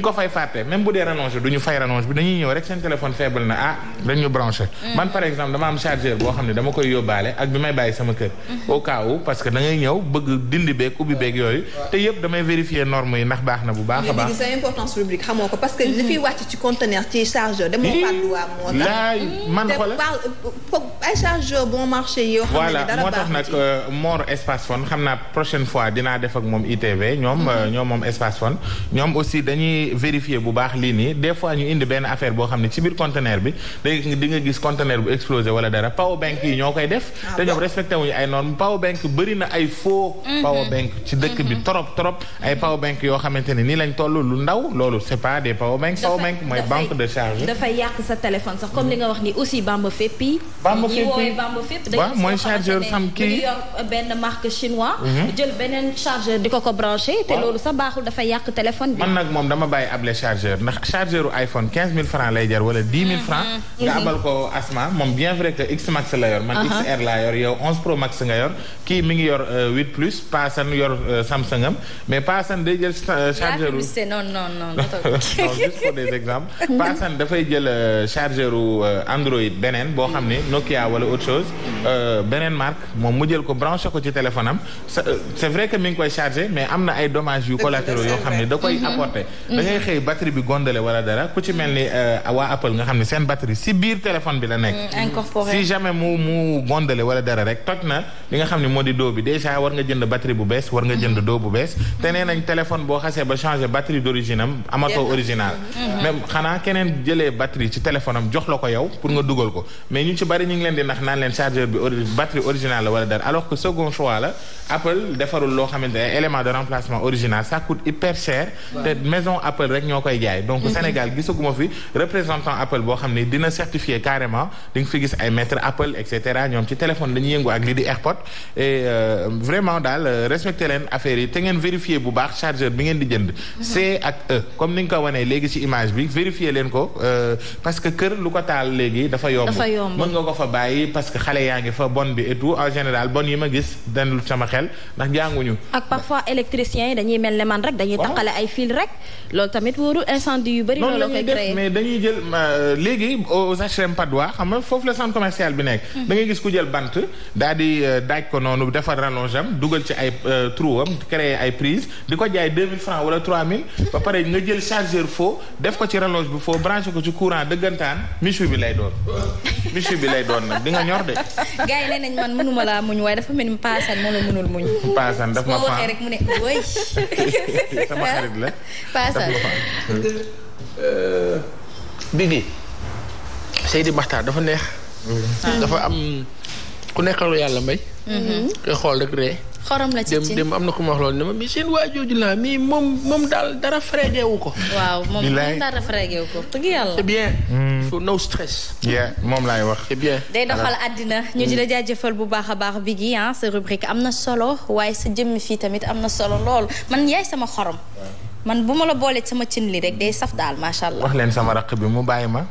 duñ ko fay fàtte même bu dee rallonge duñu fay rallonge bi dañuy ñëw rek seen téléphone faible na ah dañu branché mm. man par exemple dama am chargeur boo xam ne dama koy yóbbaale ak bi may bàyyi sama kër mm-hmm. au cas où parce que da ñëw bëgg dindi beeg ubbi beeg yooyu te yëpp damay vérifier normes yi ndax baax na bu baax baax sa xamoo ko parce que li fiy wàcc ci conteneur ci chargeur demoo padduwaa moo tax man xoolal ay chargeur marché yi yoo moo tax nag euh, Mor espace fon xam naa prochaine fois dinaa def ak moom ITV ñoom mm-hmm. euh, ñoom moom espace fon ñoom aussi dañuy di vérifier bu baax lii nii des fois ñu indi benn affaire boo xam ne ci biir conteneur bi léegi di nga gis conteneur bu explosé wala dara power bank yi ñoo koy def ah te ñoom respecté wuñu ay normes power bank bëri na ay faux mhm. power bank ci dëkk bi mhm. torop torop ay power bank yoo xamante ne nii lañ toll lu ndaw loolu c'est pas des power bank power bank mooy banque de charge dafay yàq sa téléphone sax comme li nga wax ni aussi bamba fépp yi bamba fépp fépp waaw mooy chargeur sam kii mhm. ko ko branché te loolu sa baaxul dafay yàq téléphone bi man nag moom dama bàyyi bàyyi able chargeur ndax chargeur u iPhone 15000 francs lay jar wala 10000 francs mhm. nga mhm. Asma moom bien vrai que X Max la yor man uh-huh. XR laa yor yow 11 Pro Max nga yor kii mi ngi yor 8 euh, plus paasan yor euh, Samsung am mais paasan day jël euh, chargeur u non non non juste dafay jël chargeur u Android beneen boo xam ne mm-hmm. Nokia wala autre chose mm-hmm. beneen marque moom mu jël ko branché ko ci téléphone am c'est vrai que mi ngi koy chargé mais am na ay dommages yu collatéraux yoo xam ne da koy mm-hmm. ngay xëy batterie bi gondale wala dara ku ci mel ni euh, waa Apple nga xam mm, nga xam ne moo di doo bi déjà war nga jënd batterie bu bees war nga jënd mm-hmm. doo bu bees. te nee nañ téléphone boo xasee ba changé batterie d'origine am amatoo original. Mm-hmm. même xanaa keneen jëlee batterie ci téléphone am jox la ko yow pour nga dugal ko mais ñu ci bari ñu ngi leen di nax naan leen chargeur bi batterie originale la wala dara alors que second choix la Apple defarul loo xamante ne élément de remplacement original ça coûte hyper cher te maison Apple Apple rek ñoo koy jaay donc mhm. Sénégal gisaguma fi représentant Apple boo xam ne dina certifié carrément di nga fi gis ay maître Apple et ñoom ci téléphone dañuy yëngu ak lii di AirPod et euh, vraiment daal euh, respecté leen affaire yi te ngeen vérifié bu baax chargeur bi ngeen di jënd mhm. C ak E comme ni nga ko wanee léegi ci image bi vérifié leen ko euh, parce que kër lu ko taal léegi dafa yomb mën nga ko fa bàyyi parce que xale yaa ngi fa bonn bi et tout en général bon yi ma gis danul sama xel ndax jànguñu ak parfois électricien yi dañuy mel ne man rek tamit wóoru incendie yu bëri. loolu la koy créé mais dañuy jël léegi aux HLM Padois xam nga foofu la centre commercial bi nekk. Hmm. da ngay gis ku jël bant daal di euh, daaj ko noonu defar rallonge am dugal ci ay euh, trou am créé ay prise di ko jaay 2000 francs wala 3000 ba pare nga jël chargeur faux def ko ci rallonge bi foo branché ko ci courant dëggantaan michu bi lay doon. michu bi lay doon nag bi nga ñor de. gars yi nee nañ man mënuma laa muñ waaye dafa mel ni paasan moo la mënul muñ. paasan daf ma waxee rek mu ne woy. sama xarit la. Euh, dafa neex. Mm-hmm. dafa am mm-hmm. ku nekkalu yàlla mbay. Mm-hmm. nga xool rek ree xorom la ci cin dem am na ku ma wax loolu ne ma mais seen waa jooju laa mais moom moom daal dara frégewu ko. waaw moom moom dara frégewu ko. dëgg yàlla c'est bien. so hmm. no moom laay wax. c'est bien day doxal àddina ñu di la hmm. jaajëfal bu baax a baax bi gi ah sa rubrique am na solo waaye sa jëmm fii tamit am na solo lool man yaay sama xorom. man bu ma la boolee sama cin li rek day saf daal macha allah. wax leen sama raq bi mu bàyyi ma.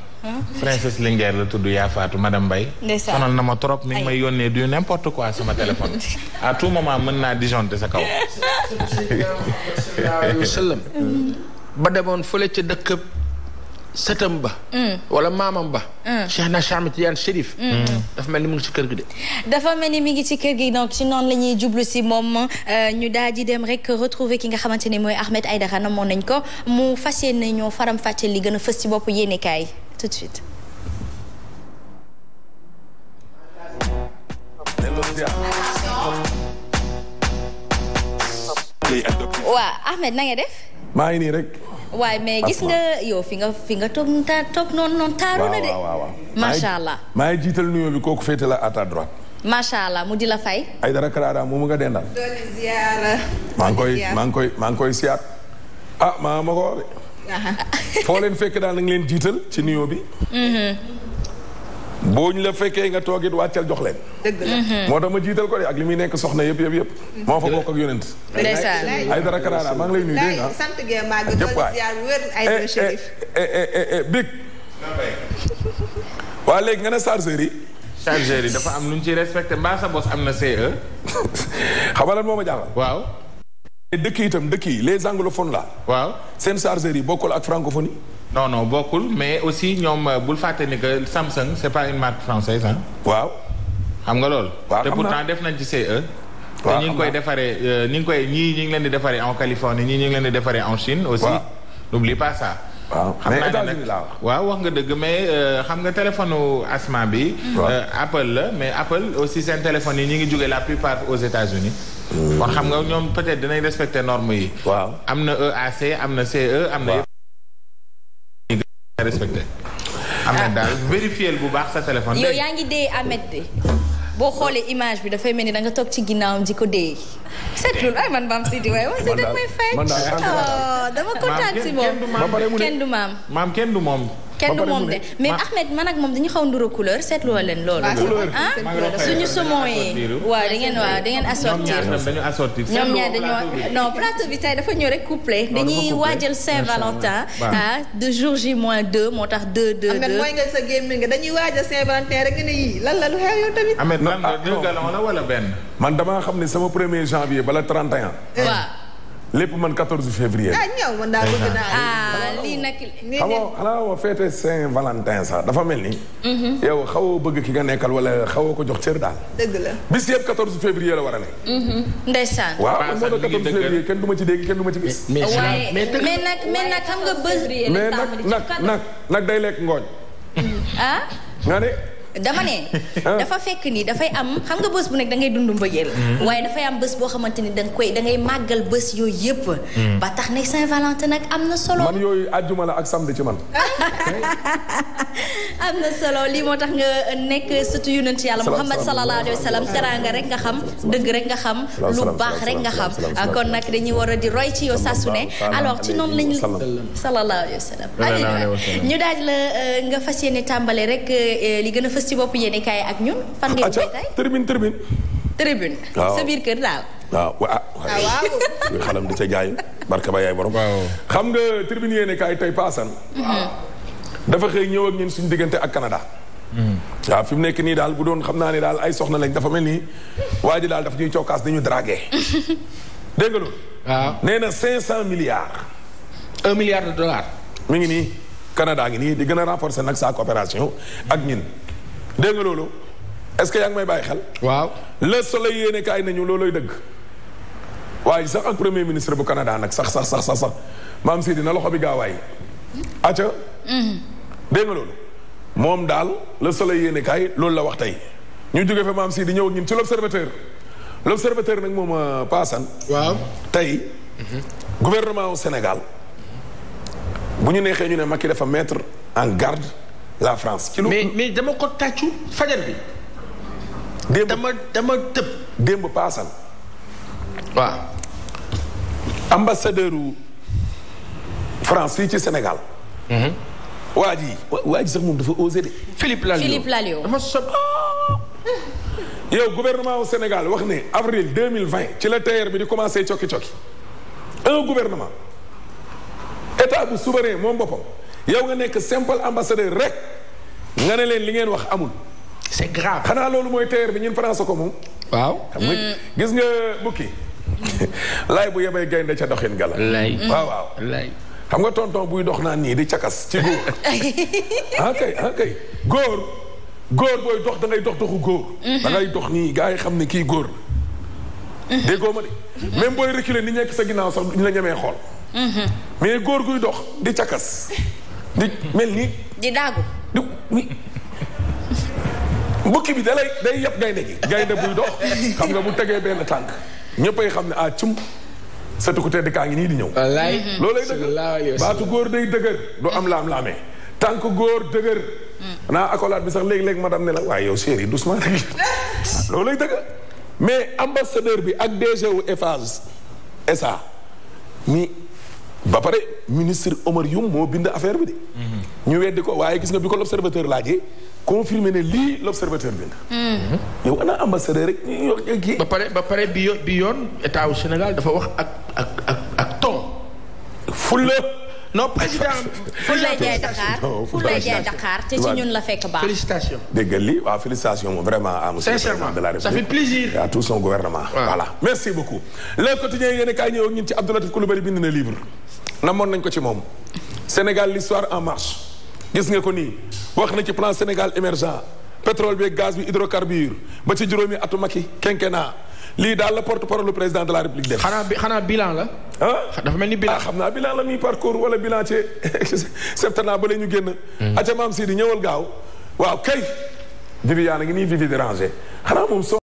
princesse Linguère la tudd yaa faatu madame Mbaye sonal na ma trop mi ngi may yónnee du n'importe quoi sama téléphone à tout moment mën naa disjoncté sa kaw sallam ba demoon fële ca dëkkëb sëtam ba mm. wala maamam ba mm. Cheikh na Cheikh Tidiane Chérif mm. dafa mel ni mu ngi ci kër gi dafa mel ni mi ngi ci kër gi donc si noonu la ñuy jublu si moom euh, ñu daal di dem rek retrouver ki nga xamante ne mooy Ahmed Aïdara na moon nañ ko mu fas yéene ñoo faram fàcce li gën a fës ci boppu yéene tout de suite. Ahmed na nga def. ngi nii rek. waaye mais gis nga yow fi nga fi nga de. macha allah. maa ngi jiital nuyoo bi kooku féete la à mu di la fay. ay dara Karara mu nga dendal. koy maa koy maa ngi koy siyaat ah maa ma foo leen fekk daal nañ leen jiital ci nuyoo bi. Mm-hmm. boo ñu la fekkee nga toogit wàccal jox leen. Mm-hmm. moo tax ma jiital ko de ak li muy nekk soxna yëpp yëpp yëpp. Mm-hmm. moo fa bokk ak yonent. ay dara karaara maa ngi lay nuyu dégg nga. sant Guèye maa ngi doon ziar eh, eh, eh, waa léegi nga ne chargeur yi. chargeur yi dafa am lu ci ciy respecté mbaa sa am na CE. xam nga lan jaaxal waaw. dëkk itam dëkk yi les anglophones la waaw seen chargeurs yi bokkul ak francophonie. non no bokkul mais aussi ñoom euh, bul fàtte ni que Samsung c'est pas une marque française ah. waaw. xam nga loolu. waaw te pourtant def nañ ci CE. te ñi ngi koy defaree euh, ñi ñii ñi ngi leen di defaree en Californie ñii ñi ngi leen di defaree en Chine. aussi n'oublie pas ça. waaw mais États-Unis laa waaw wax nga dëgg mais euh, xam nga téléphone asma bi. Apple la mais Apple aussi seen téléphone yi ñi ngi jóge la plupart aux États-Unis Euh, kon xam nga ñoom peut-être dinañ respecter normes yi. waaw am na EAC am na CE am na. yëpp respecté. am na ah. daal vérifier bu baax sa téléphone. yow yaa ngi dee Ahmed de boo xoolee image bi dafay mel ni da nga toog ci ginnaawam di ko dee. seetlu ay man maam Sidi waaye man Sidi mooy fay. Oh, dama kontaan si moom. kenn du maam kenn du maam. maam kenn du moom. kenn moom de mais Ahmed man ak moom dañu xaw nduro couleur seetlu leen loolu. ah suñu saumon yi waaw da ngeen waaw da ngeen assortir. ñoom ñaar dañoo non plateau bi dafa ñëw rek couplé dañuy waajal Saint-Valentin. Ah, de jour J moins deux moo tax deux deux deux. mooy nga sa gémmi nga dañuy waajal Saint-Valentin rek nga ne yii lan la lu xew yow tamit. Ahmed la deux galons la wala benn. man damaa xam ne sama premier janvier bala 31. waaw. lépp man 14 février. ah ñëw ma daal bëgg naa. ah lii nag. xam nga xanaa wa feete Saint-Valentin sax dafa mel ni. Mhm. yow xawoo bëgg ki nga nekkal wala xawoo ko jox cër daal. dëgg la bis yëpp 14 février a war a ne. Mhm. ndeysaan. waaw moo tax 14 février kenn du ma ci dégg kenn du ma ci gis. mais nag mais nag xam nga bës. mais nag nag nag day lekk ngooñ. Ah? dama ne. Ah. dafa fekk ni dafay am xam nga bés bu nekk da ngay dund mbëggeel mm-hmm. waaye dafay am bés boo xamante ni da nga koy da ngay màggal bés yooyu yëpp. Mm. ba tax na Saint-Valentin nag am na solo. man yooyu àjjuma la ak samedi ci man. am na solo lii moo tax nga nekk sa yonent yàlla Muhammad sallallahu alayhi wa sallam teraanga rek nga xam dëgg rek nga xam lu baax rek xam ah, kon nag dañuy war a di roy ci yow saa su ne alors ci noonu lañu sallallahu alayhi wa sallam ñu daaj la euh, nga fas yéene tàmbale rek euh, li gën a fës ci bopp yéene kaay ak ñun. fan ngeen koy tribune tribune. tribune. waaw sa biir kër daal. waaw ah, ah waaw. xalam di ca jaay barka yaay borom. xam nga tribune yéene kaay tey paasan. Mm-hmm. dafa xëy ñëw ak ñun suñu diggante ak Canada. Mm-hmm. waaw fi mu nekk nii daal bu doon xam naa ne daal ay soxna lañ dafa mel nii waa ji daal dafa ñuy cokkaas di ñu dragué. dégg nga loolu. nee na 500 milliards. 1 milliard de dollars. mi ngi nii Canada ngi nii di gën a renforcer nag sa coopération ak ñun. dégg nga loolu est-ce que yaa ngi may bàyyi xel. waaw le soleil yéene kaay nañu looloy dëgg. waaye sax ak premier ministre bu Canada nag sax sax sax sax sax maam si dina loxo bi gaawaay. acca. Mm-hmm. dégg loolu. moom daal le soleil yéene kaay loolu la wax tey ñu jóge fa maam sii di ñëw ak ñun ci l'observateur l'observateur nag moom euh, paasan waaw tey. gouvernement au Sénégal bu ñu neexee ñu ne Macky dafa metre en garde. la France. ci lu mais mais dama ko tàccu fajar bi. démb dama dama tëb. démb paasal. waaw. ambassadeur France fii ci Sénégal. Mhm. waa ji waa ji sax moom dafa osé de. Philippe Lalliot Philippe Lalliot dama sob ah! yow gouvernement Sénégal wax ne avril deux mille vingt ci la TER bi di commencé cokki cokki un gouvernement état bu souverain moom boppam yow nga nekk simple ambassadeur rek. nga ne leen li ngeen wax amul. xanaa loolu mooy terre bi ñun France ko moom. waaw xam nga gis nga bukki mm. laay bu yebay gaynde ca doxin gala. lay mm. waaw waaw xam nga tonton buy dox naa nii di cakas ci góor. ah, ah góor. booy dox da ngay dox doxu góor. Mm-hmm. da dox nii gaa yi xam ne kii góor la. Mm-hmm. déggoo ma de. Mm-hmm. même booy reculer ni nekk sa ginnaaw sa duñ la ñemee xool. mais góor guy dox di cakas. di mel ni. di daagu. du bukki bi da lay day yëpp gaynde gi gaynde buy dox xam nga mu tegee benn tànk ñëppay xam ne ah cum sëtu ku tedd kaa ngi nii di ñëw mm-hmm. loolay dëgër baatu góor day dëgër du am am laam-laamee tànk góor dëgër mm. xanaa accolade bi sax léeg-léeg madame ne la waaye yow chéri doucement rek loolay dëgër mais ambassadeur bi ak DG wu Eiffage SA ba pare ministre Omar Youm moo bind affaire bi de. Mhm. ñu weddi ko waaye gis nga bi ko l'observateur laajee confirmé ne lii l'observateur bind. Mhm. yow ana ambassadeur rek ñu kii. ba pare ba pare bi yoon bi yoon état Sénégal dafa wax ak ak ak ak ton. fulla non président. fulla jaay Dakar fulla jaay Dakar te ci ñun la fekk baax. félicitations. dégg nga lii waaw félicitation moom vraiment à monsieur le président de plaisir. à tout son gouvernement. voilà merci beaucoup. le quotidien yéen a kaay ñëw ak ñun ci Abdoulatif na livre. namoon nañ ko ci moom Sénégal l'histoire en marche gis nga ko nii wax na ci plan Sénégal émergent pétrole bi gaz bi hydrocarbure ba ci juróomi atu Macky quinquennat lii daal la porte parole président de la république def. xanaa bi xanaa bilan la. ah dafa mel ni bilan. ah xam naa bilan la muy parcours wala bilan ci septennat ba la ñu génn. Hmm. aca maam si di ñëwal gaaw waaw kay. Viviane ngi nii Vivi déranger xanaa moom